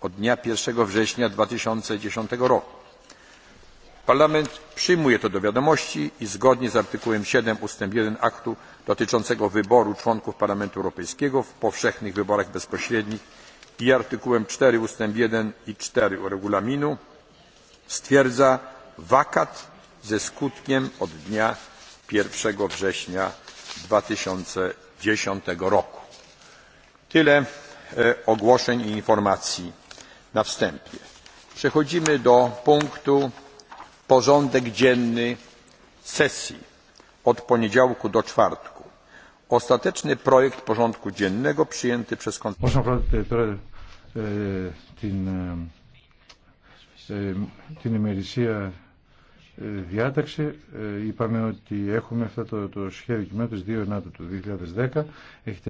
od dnia 1 września 2010 roku. Parlament przyjmuje to do wiadomości i zgodnie z artykułem 7 ust. 1 aktu dotyczącego wyboru członków Parlamentu Europejskiego w powszechnych wyborach bezpośrednich i artykułem 4 ust. 1 i 4 regulaminu stwierdza wakat ze skutkiem od dnia 1 września 2010 roku. Tyle ogłoszeń i informacji na wstępie. Przechodzimy do punktu porządek dzienny sesji od poniedziałku do czwartku. Ostateczny projekt porządku dziennego przyjęty przez Komisję. το,